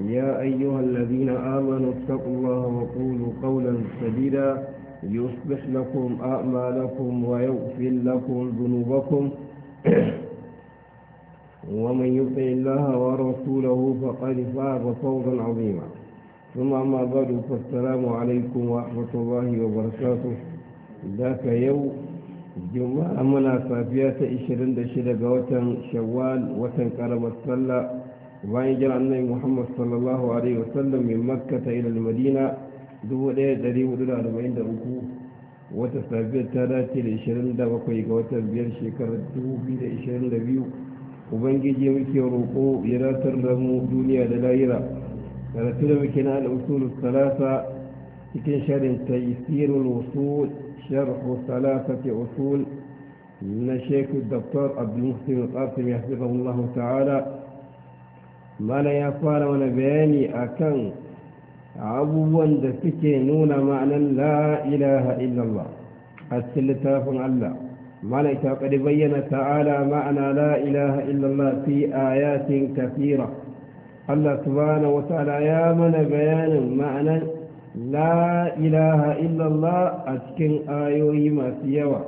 يا أيها الذين آمنوا اتقوا الله وقولوا قولا سديدا يصبح لكم أعمالكم ويغفر لكم ذنوبكم ومن يطع الله ورسوله فقد فاز فوزا عظيما ثم أما بعد فالسلام عليكم ورحمة الله وبركاته ذاك يوم جمعة منا صافية إشرين دشرة watan شوال watan karamar باي جل النبي محمد صلى الله عليه وسلم من مكة إلى المدينة دو ده دريو دو ده وتسابير ثلاثة لشرن ده وكوي قوتر شكر دو بير شرن بيو وبنجي جيمي كي روكو يرا ترمو دلائرة رسول مكنا الأصول الثلاثة يكن شرن تيسير الوصول شرح ثلاثة أصول من الشيخ الدكتور عبد المحسن القاسم يحفظه الله تعالى mana ya fara wani bayani akan abubuwan da suke nuna ma'anan la ilaha illallah a cikin littafin Allah ملك قد بين تعالى معنى لا إله إلا الله في آيات كثيرة الله سبحانه وتعالى يا من بيان معنى لا إله إلا الله أتكن آيوه ما سيوى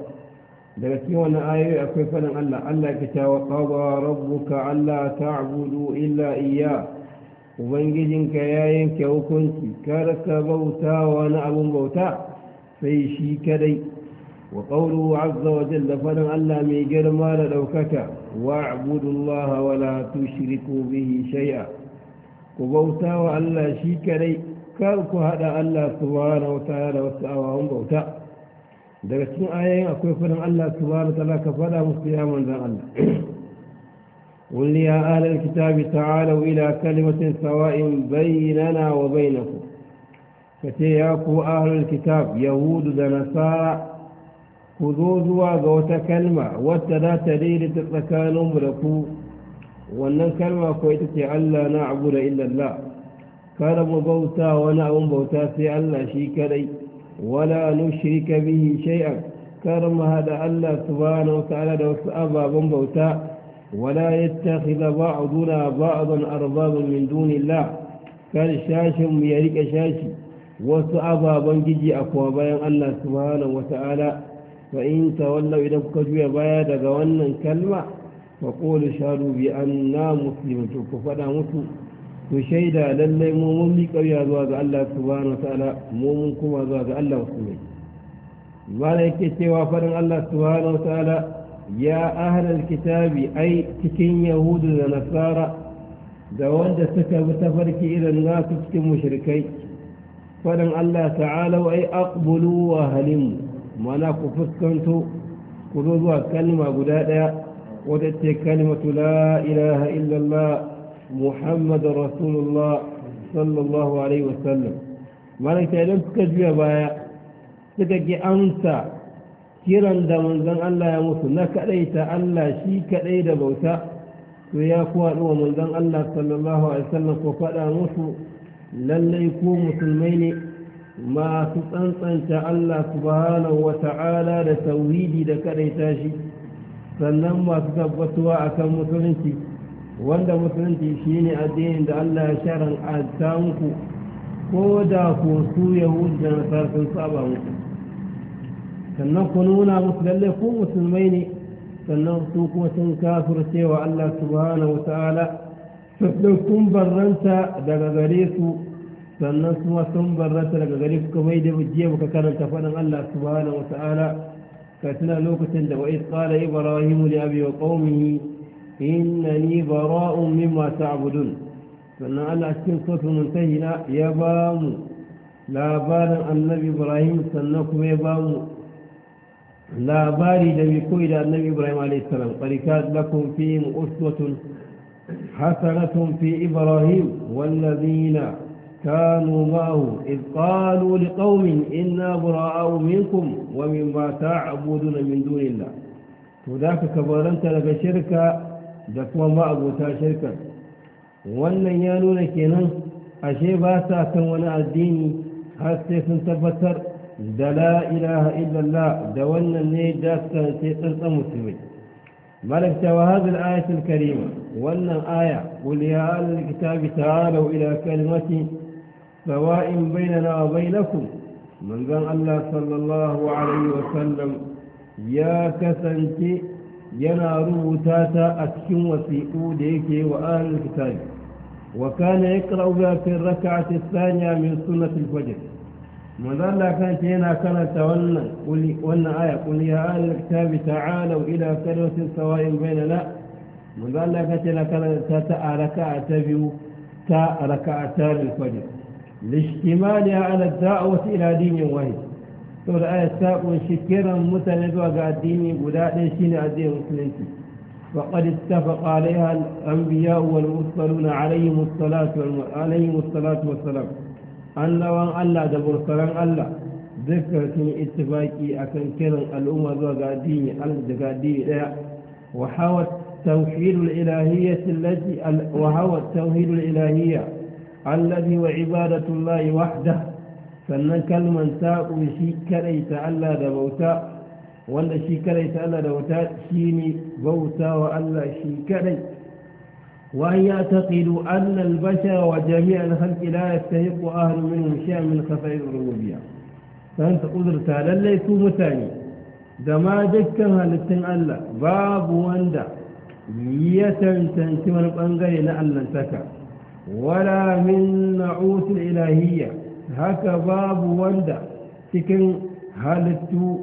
daga cikin wannan ayoyi akwai faɗin Allah Allah ke cewa qada rabbuka alla ta'budu illa iyya ubangijinka ya yanke hukunci kar ka bauta wani abun bauta sai shi kadai wa qawlu azza wa jalla faɗin Allah mai girma da ɗaukaka wa'budu Allah wa la tushriku bihi shay'a ku bauta wa Allah shi kadai kar ku hada Allah subhanahu wa ta'ala da wasu awawan bauta daga cikin ayoyin akwai fadin Allah subhanahu wa ta'ala ka fada musu ya manzan Allah قل يا أهل الكتاب تعالوا إلى كلمة سواء بيننا وبينكم فتياكو أهل الكتاب يهود ذا نصارى كذوذوا غوتا كلمة tsakanin mu da ku wannan kalma ko ita ce Allah na abu da illallah kada mu bauta wani abun bauta sai Allah shi kadai ولا نشرك به شيئا كرم هذا الله سبحانه وتعالى دوس أبا بمبوتا ولا يتخذ بعضنا بعضا أربابا من دون الله كان شاشم يريك شاشي وسأبا بنجي أقوى بيان الله سبحانه وتعالى فإن تولوا إذا كجوا بيادك وانا كلمة فقولوا شهدوا بأننا مسلمون فأنا مسلمون to shaida lallai mu mun miƙa zuwa ga Allah subhanahu wa ta'ala mu mun kuma zuwa ga Allah musulmai wala yake cewa farin Allah subhanahu wa ta'ala ya ahli kitabi ai cikin yahudu da nasara da wanda suka bi tafarki irin nasu cikin mushrikai farin Allah ta'ala wa ai aqbulu wa halim mana ku fuskanto ku zo zuwa kalma guda daya wadda ce kalmatu la ilaha illallah محمد رسول الله sallallahu alaihi wasallam malaka idan suka juya baya suka ki amsa kiran da manzon Allah ya musu na kadai ta Allah shi kadai da bauta to ya kuwa ɗuwa manzon Allah sallallahu alaihi wasallam ko faɗa musu lallai ko musulmai ne masu tsantsanta Allah subhanahu wa ta'ala da tauhidi da kadai ta shi sannan masu tabbatuwa akan musulunci wanda musulunci shine addinin da Allah ya shar'anta muku ko da ku su yahudu da nasar saba muku sannan ku nuna musu lalle ku musulmai ne sannan su kuma sun kafir cewa Allah subhanahu wa ta'ala sun barranta daga gare su sannan kuma sun barranta daga gare su kamar da jiya muka karanta faɗin Allah subhanahu wa ta'ala ka tuna lokacin da wa'id qala ibrahim li abi wa qaumihi إنني براء مما تعبدون فإن الله أستم صوت المنتهي لا يبام لا بارا النبي إبراهيم سنكم يبام لا باري جميع إلى النبي إبراهيم عليه السلام قريكات لكم فيهم أسوة حسنة في إبراهيم والذين كانوا معه إذ قالوا لقوم إنا براء منكم ومما تعبدون من دون الله وذاك كبرنت لك شركة da kuma ma abota shirka wannan ya nuna kenan ashe ba sa kan wani addini har sai sun tabbatar da la ilaha illallah da wannan ne da suka ce tsantsan musulmai ملكت وهذه الآية الكريمة وأن الآية قل يا أهل الكتاب تعالوا إلى كلمة سواء بيننا وبينكم من ذن الله صلى الله عليه وسلم يا كسنتي yana rubuta ta a cikin wasiƙu da yake wa ahlul kitab wa kana yaqra'u biha fi ar-rak'ati ath-thaniya min sunnati al-fajr manzalla kan ce yana karanta wannan kuli wannan aya kuli ya ahlul kitab ta'alu ila kalimatin sawa'in bainana manzalla kan ce yana karanta ta a raka'a ta biyu ta raka'a ta al-fajr lishtimaliha ala ad-da'wati ila dinin wahid saboda ayat ta kunshi kiran mutane zuwa ga addini guda ɗaya shine addinin musulunci وقد اتفق عليها الأنبياء والمرسلون عليهم الصلاة عليهم الصلاة والسلام أن وان الله دبر سلام الله ذكر سن اتفاقي أكن كلا الأمة ذو قاديني الجقاديني لا وحوى التوحيد الإلهية التي وحوى التوحيد الإلهية الذي وعبادة الله وحده sannan kalman ta kadai ta Allah da bauta wanda shi kadai ta Allah da bauta shi ne bauta wa Allah shi kadai ya bashar وأن يعتقدوا أن البشر وجميع الخلق لا يستحق min منهم شيئا من خفائف الربوبية فأنت قدرت لن su mutane da ma dukkan halittun Allah babu wanda ya tantanci wani bangare na Allah saka wala min na'utul ilahiyya haka babu wanda cikin halittu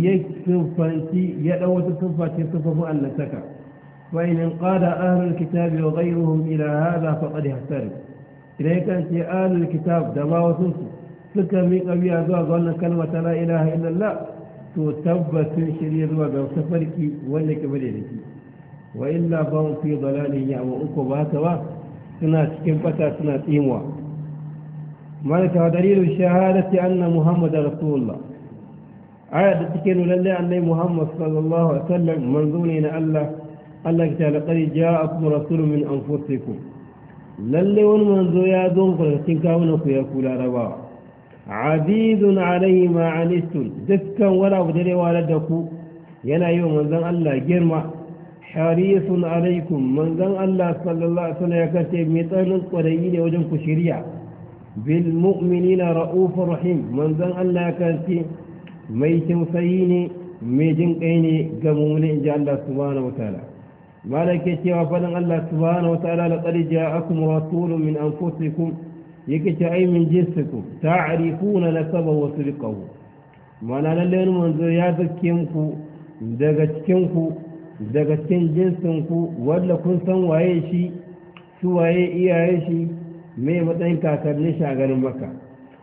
ya siffanci ya ɗau wata siffacin siffafin allantaka فإن انقاد أهل الكتاب وغيرهم إلى هذا فقد يحترم إذا كانت أهل الكتاب دما وسنسو سكا ميك أبي أزواج وأن كلمة لا إله إلا الله تتبت شريع الوضع وسفرك وأنك بدينك وإلا فهم في ضلال يعمى أكو باتوا سنة كمبتا سنة إيموا مالك ودليل الشهادة أن محمد رسول الله عاد آية تكين لله أن محمد صلى الله عليه وسلم منظورين الله الله تعالى قد جاءكم رسول من أنفسكم للي والمنظور يا دون قلتين كاونك يقول ربا عزيز عليه ما عنستم دكا ولا بدري دكو ينا يوم منظر الله جرمه حريص عليكم منظر الله صلى الله عليه وسلم يكتب مثال قريين وجنك شريعه بالمؤمنين رؤوف رحيم من ذن الله كانت mai tausayi ne mai jin kai ne ga mummuni in ji Allah subhanahu wa ta'ala malam ke cewa faɗin Allah subhanahu wa ta'ala la qad ja'akum rasulun min anfusikum yake ce ai min jinsikum ta'rifuna nasaba wa sirqahu mana lalle wani manzo ya zake muku daga cikin ku daga cikin jinsin ku wanda kun san waye shi su waye iyaye shi me matsayin kakannin shi a baka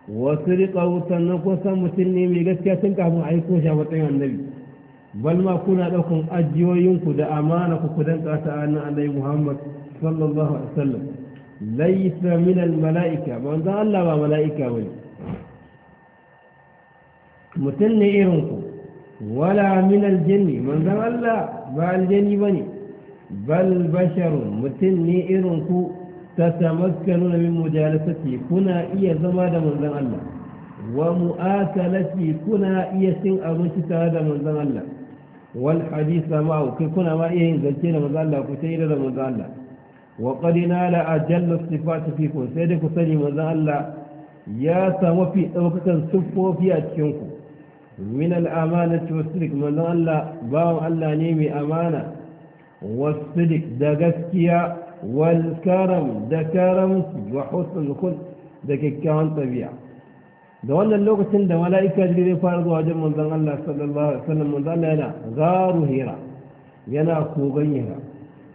wasu riƙa sannan na kusan mutum ne mai gaskiya sun kafin a aiko shi a matsayin annabi bal ma kuna ɗaukun ajiyoyinku da amana ku ku danka ta annan annabi muhammad sallallahu alaihi wasallam laisa min al mala'ika ba wanda Allah ba mala'ika ne mutum ne irin ku wala min al jinni manzon Allah ba al jinni bane bal basharun mutum ne irin ku تتمكنون من مجالسته كنا إيا زما من منزل الله ومؤاكلته كنا إيا سن أبنشي من منزل الله والحديث معه كنا ما إيا من منزل الله كتير من منزل الله وقد نال أجل الصفات فيكم سيدك سني منزل الله يا سمفي أوكتا سفو في أتشنكم من الأمانة والصدق منزل الله باو الله نيمي أمانة والصدق دا قسكيا wal karam da karamci wa husnul da kyakkyawan tabi'a da wannan lokacin da mala'ika jirgin zai fara zuwa wajen manzon Allah sallallahu alaihi wasallam manzon Allah yana garu hira yana kogon hira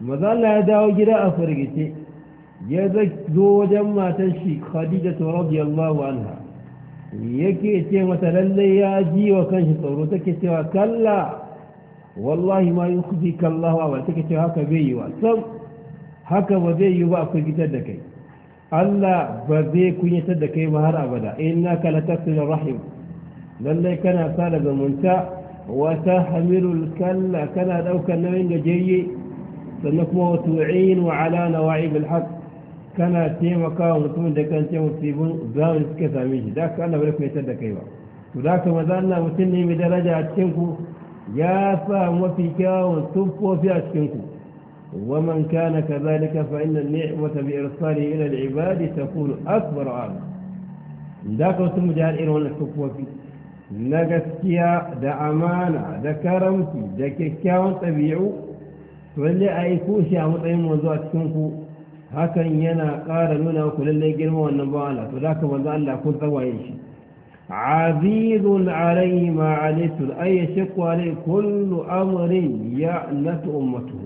manzon ya dawo gida a firgice ya zo wajen matar shi Khadija radiyallahu anha yake ce mata lallai ya ji wa kanshi tsoro take cewa kalla wallahi ma yukhzika Allah wa take cewa haka bai yi wa haka ba zai yi ba a kunyatar da kai Allah ba zai kunyatar da kai ba har abada inna ka latasil rahim lallai kana sada zumunta wa tahmilul kalla kana daukar nauyin gajiyayye sannan kuma wa tu'inu ala nawa'ib alhaq kana taimakawa mutum da kan taimaka sibin zamani suka same shi da ka Allah bai kunyatar da kai ba to da ka maza Allah mutum ne mai daraja a cikin ku ya sa mafi kyawun tuffofi a cikin ku ومن كان كذلك فإن النعمة بإرساله إلى العباد تكون أكبر آمن ذاك وسم جهل إلى ولا كفوفي نغسكيا دا أمانة دا كرمتي دا كيكاون طبيعو فاللي أيكوشي أمطعين طيب وزوء تكونكو هكا ينا قال لنا وكل اللي والنبو على فذاك وضع الله كل ضوائيشي عزيز علي ما عليت أي شق عليه كل أمر يعنت أمته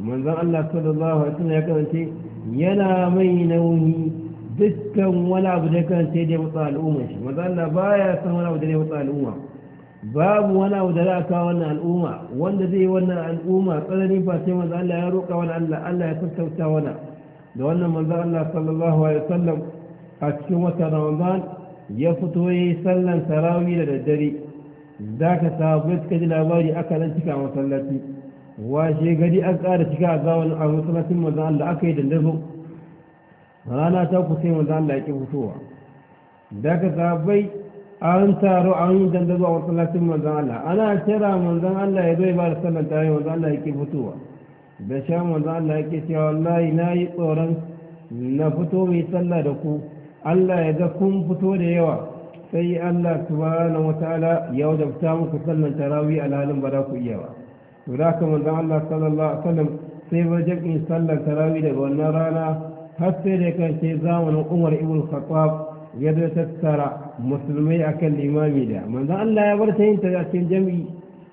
manzon Allah sallallahu alaihi wasallam ya kasance yana mai nauni dukkan wani abu da kan sai dai mutsa al'umma shi manzon Allah baya san wani abu da ne mutsa al'umma babu wani abu da za a kawo wannan al'umma wanda zai wannan al'umma tsanani fa sai manzon Allah ya roƙa wani Allah Allah ya sassauta wani da wannan manzon Allah sallallahu alaihi wasallam a cikin wata Ramadan ya fito yi sallan tarawih da daddare zaka sabu ka ji labari aka nan cika masallaci washe gari an ƙara cika a gawan a masallacin manzan Allah aka yi dandazo rana ta ku sai manzan Allah ya ƙi fitowa da ka sabai an taro an dandazo a masallacin manzan Allah ana kira manzan Allah ya zo ya ba da sallan tare manzan Allah ya ƙi fitowa da sha manzan Allah ya ƙi cewa wallahi na yi tsoron na fito mai sallah da ku Allah ya ga kun fito da yawa sai Allah subhanahu wataala ya wadabta muku sallan tarawih alhalin ba za ku iya ba ولكن من بعد صلى الله عليه وسلم في وجب إن صلى تراويح والنرانا حتى لك الشيزا والأمر إبو الخطاب يدو تكسر مسلمي أكل إمامي لها من ذا الله يبرتين أنت ذات الجميع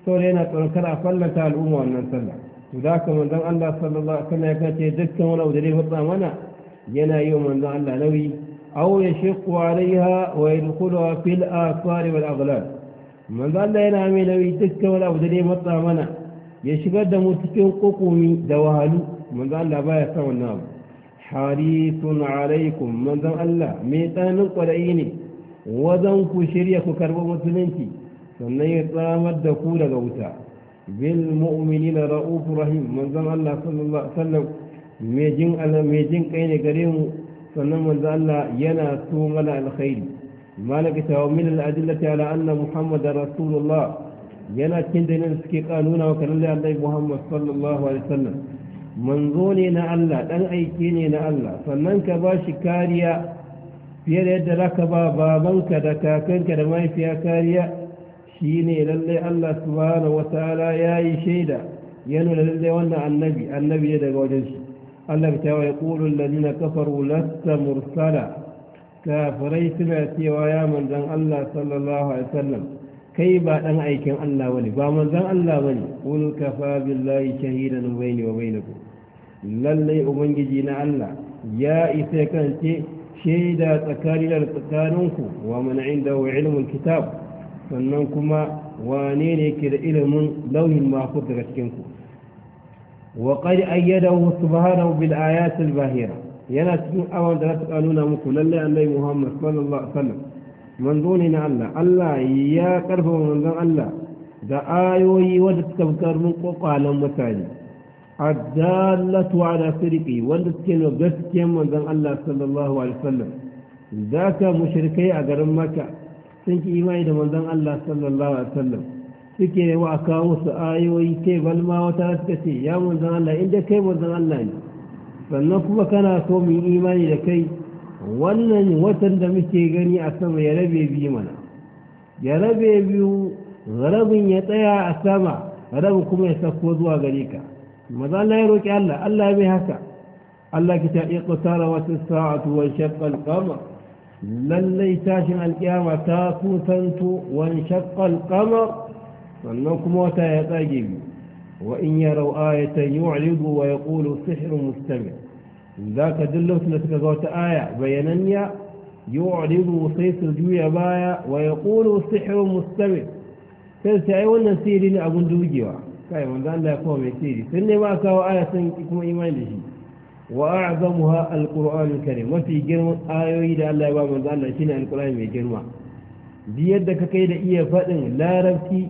سورينا تنكر أفلة الأمة أن نصلى وذاك من ذا الله صلى الله عليه وسلم يكن شيء ذكا ولا ودريه الضامنة ينا يوم من ذا الله نوي أو يشق عليها ويدخلها في الآثار والأغلال من ذا الله ينامي نوي ذكا ولا ودريه الضامنة ya shigar da mu cikin kokomi da wahalu manzan Allah baya san wannan abu harisun alaikum manzan Allah me tsanin kwarai ne wajen ku shirya ku karɓi musulunci sannan ya tsamar da ku daga wuta bil mu'minina ra'ufur rahim manzan Allah sallallahu alaihi wasallam kai ne gare mu sannan manzo Allah yana so mana alkhairi malaka tawamin al-adillati ala anna muhammadar rasulullah yana cikin dalilin suke kanuna wa kanan Allah Muhammad sallallahu alaihi wasallam manzo ne na Allah dan aiki ne na Allah sannan ka ba shi kariya fiye da yadda zaka ba babanka da kakanka da mafiya kariya shine lalle Allah subhanahu wataala yayi shaida yana nuna lalle wannan annabi annabi ne daga wajen shi Allah ta wa yaqulu alladhina kafaru lasta mursala kafirai suna cewa ya manzon Allah sallallahu alaihi wasallam كي بعد أن أيكم الله ولي بعمل ذا الله ولي قل كفى بالله شهيدا بيني وبينكم للي أبنججين الله يا إسيك أنت شهيدا تكارل تكارنكم ومن عنده علم الكتاب فننكما وانيني كر علم لوه المعفوض تكتنكم وقد أيده سبحانه بالآيات الباهرة ينا تكون أول دلات قانونا مكو للي أن محمد صلى الله عليه وسلم manzo ne na Allah Allah ya karfafa manzon Allah da ayoyi wanda suka fi karfin kwakwalen mutane addallatu ala sirqi wanda suke nuna gaskiyar manzon Allah sallallahu alaihi wasallam zaka mushrikai a garin Makka sun ki imani da manzon Allah sallallahu alaihi wasallam suke wa aka musu ayoyi kai balma wata suka ce ya manzon Allah inda kai manzon Allah ne sannan kuma kana so mu imani da kai wannan watan da muke gani a sama ya rabe biyu mana ya rabe biyu rabin ya tsaya a sama rabin kuma ya sako zuwa gare ka maza Allah ya roƙi Allah Allah ya bai haka Allah ki ta iqtara wata sa'atu wa shaqqa al-qamar lallai tashin alƙiyama ta kusanto wa shaqqa al-qamar sannan kuma wata ya tsage biyu wa in yarau ayatan yu'ridu wa yaqulu sihrun mustamir za ka duk lokacin da suka ga wata aya bayananniya yu'ridu sai su juya baya wa yaqulu sihrun mustamir sai su wannan siri ne abun dugewa kai manzo Allah ya kawo mai siri sun ne ba kawo aya sun kuma imani da shi wa a'zamuha alqur'anul karim mafi girman ayoyi da Allah ya ba manzo Allah shine alqur'ani mai girma bi yadda ka kai da iya faɗin larabci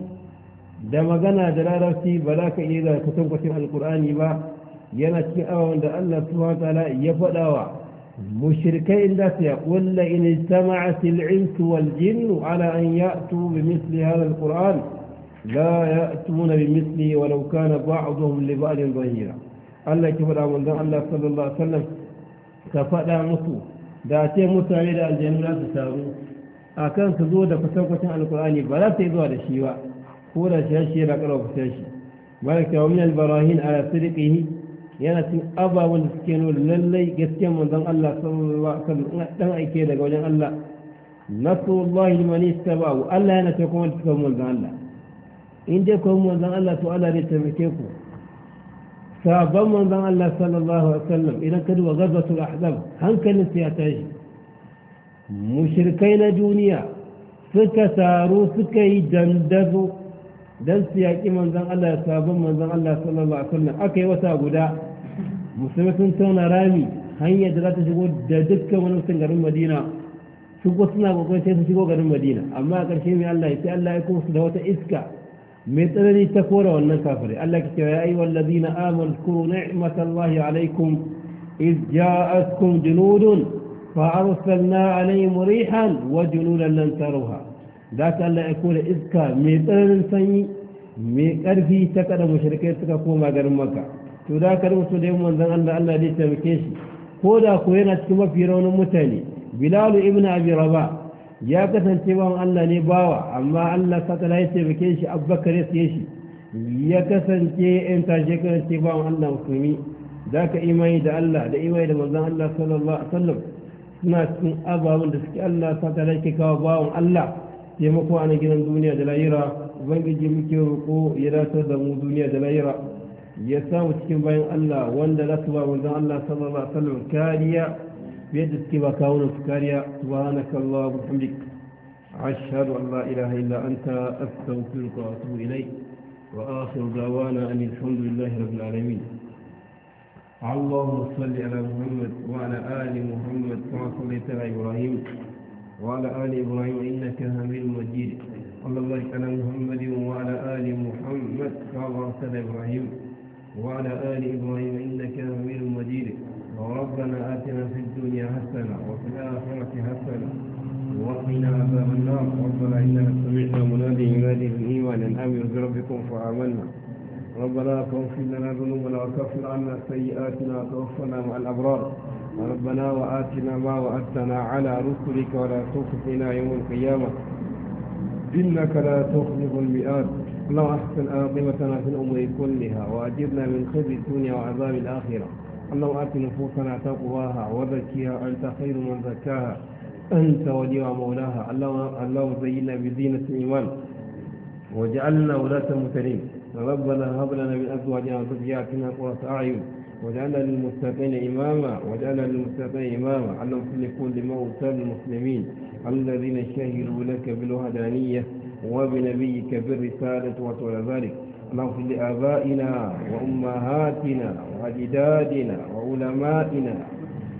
da magana da larabci ba za ka iya da kusan al alkur'ani ba yana cikin ababen da Allah subhanahu ta'ala ya wa mushrikai inda su ya kulla in istama'a sil'insu wal jinnu ala an ya'tu bi misli hadha alquran la ya'tuna bi misli walau kana ba'dhum li ba'din zahira Allah ki faɗa mun dan Allah sallallahu alaihi wasallam ka faɗa musu da ce mutane da aljanu za su taru akan su zo da kusan alqurani ba za su yi zuwa da shi ba ko da shi shi yana ƙarfafa shi malaka ومن البراهين على ala yana cin ababen da suke nuna lallai gaskiyar manzon Allah sallallahu alaihi wasallam dan aike daga wajen Allah nasrullahi liman istaba'u Allah yana ta kuma cikin manzon Allah in dai kuma manzon Allah to Allah zai taimake ku sabon manzon Allah sallallahu alaihi wasallam idan ka duba ghazwatul ahzab hankalin sai ya tashi mushrikai na duniya suka taru suka yi dandazo don su yaƙi manzan Allah sabon manzan Allah sallallahu Alaihi wasallam aka yi wata guda musulmi sun tauna rami hanyar da za ta shigo da dukkan wani mutum garin madina su ko suna kokon sai su shigo garin madina amma a ƙarshe mai allah ya ce allah ya kuma su da wata iska mai tsanani ta kora wannan kafirai allah ke cewa ya yi wallazi na amal kuro ni'matallahi alaikum iz ja'atkum junudun fa arsalna alaihim rihan wa junudan lan taruha da ka allah ya kora iska mai tsananin sanyi mai ƙarfi ta kada mushrikai suka koma garin makka to da kar rubuta da yin manzan Allah Allah zai taimake shi ko da ko yana cikin mafi raunin mutane bilal ibn abi rabah ya kasance bawan Allah ne bawa amma Allah fatala ya taimake shi abubakar ya siye shi ya kasance in tashe kasance bawan Allah musulmi za ka imani da Allah da imani da manzan Allah sallallahu alaihi wasallam suna cikin ababen da suke Allah saka fatala yake kawo bawan Allah taimako a gidan duniya da lahira ubangiji muke roƙo ya dace da mu duniya da lahira ya samu cikin bayan Allah wanda za su ba wanzan Allah sallallahu alaihi wasallam kariya biyar da suke ba kawunan su kariya subhanaka Allahu bihamdik ashhadu an la ilaha illa anta astaghfiruka wa atubu ilayk wa akhiru da'wana anil hamdulillahi rabbil alamin اللهم صل على محمد وعلى آل محمد كما صليت على إبراهيم وعلى آل إبراهيم إنك حميد مجيد اللهم بارك على محمد وعلى آل محمد كما باركت على إبراهيم وعلى آل إبراهيم إنك أمير مجيد ربنا آتنا في الدنيا حسنة وفي الآخرة حسنة وقنا عذاب النار ربنا إننا سمعنا منادي ينادي الإيمان أن آمنوا بربكم فآمنا ربنا توفر لنا ذنوبنا وكفر عنا سيئاتنا وتوفنا مع الأبرار ربنا وآتنا ما وعدتنا على رسلك ولا تخفنا يوم القيامة إنك لا تخلف المئات اللهم أحسن عاقبتنا في الأمور كلها وأجرنا من خزي الدنيا وعذاب الآخرة الله آت نفوسنا تقواها وزكيها أنت خير من زكاها أنت ولي ومولاها الله زينا بزينة الإيمان وجعلنا ولاة المسلمين ربنا هب لنا من أزواجنا وذرياتنا قرة أعين وجعلنا للمتقين إماما وجعلنا للمتقين إماما اللهم صل لكل موتى المسلمين الذين شهدوا لك بالوحدانية وبنبيك بالرسالة وطول ذلك اللهم اغفر لآبائنا وأمهاتنا وأجدادنا وعلمائنا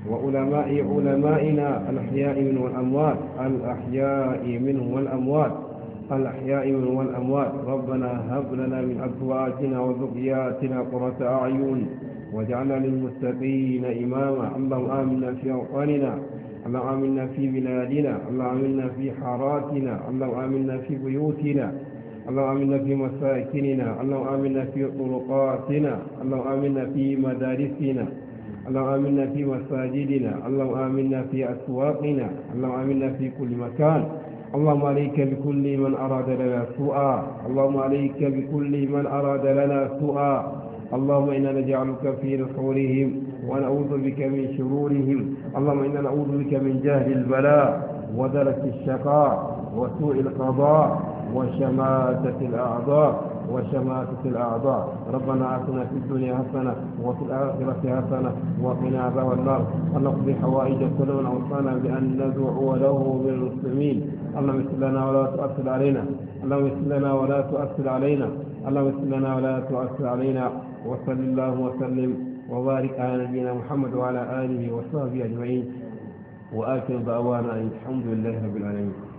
وعلماء علمائنا الأحياء منهم والأموات الأحياء منهم والأموات الأحياء منهم والأموات ربنا هب لنا من أزواجنا وذرياتنا قرة أعين واجعلنا للمتقين إماما اللهم آمنا في أوطاننا اللهم آمنا في بلادنا اللهم آمنا في حاراتنا اللهم آمنا في بيوتنا اللهم آمنا في مساكننا اللهم آمنا في طرقاتنا اللهم آمنا في مدارسنا اللهم آمنا في مساجدنا اللهم آمنا في أسواقنا اللهم آمنا في كل مكان اللهم عليك بكل من أراد لنا سوءا اللهم عليك بكل من أراد لنا سوءا اللهم إنا نجعلك في نحورهم ونعوذ بك من شرورهم اللهم إنا نعوذ بك من جهل البلاء ودرك الشقاء وسوء القضاء وشماتة الأعضاء وشماتة الأعضاء ربنا آتنا في الدنيا حسنة وفي الآخرة حسنة وقنا عذاب النار ونقضي حوائج كل أوصانا بأن ندعو له من المسلمين اللهم اغفر لنا ولا تؤثر علينا اللهم اغفر لنا ولا تؤثر علينا اللهم اغفر لنا ولا تؤثر علينا وصل اللهم وسلم وبارك على نبينا محمد وعلى آله وصحبه أجمعين وآخر دعوانا الحمد لله رب العالمين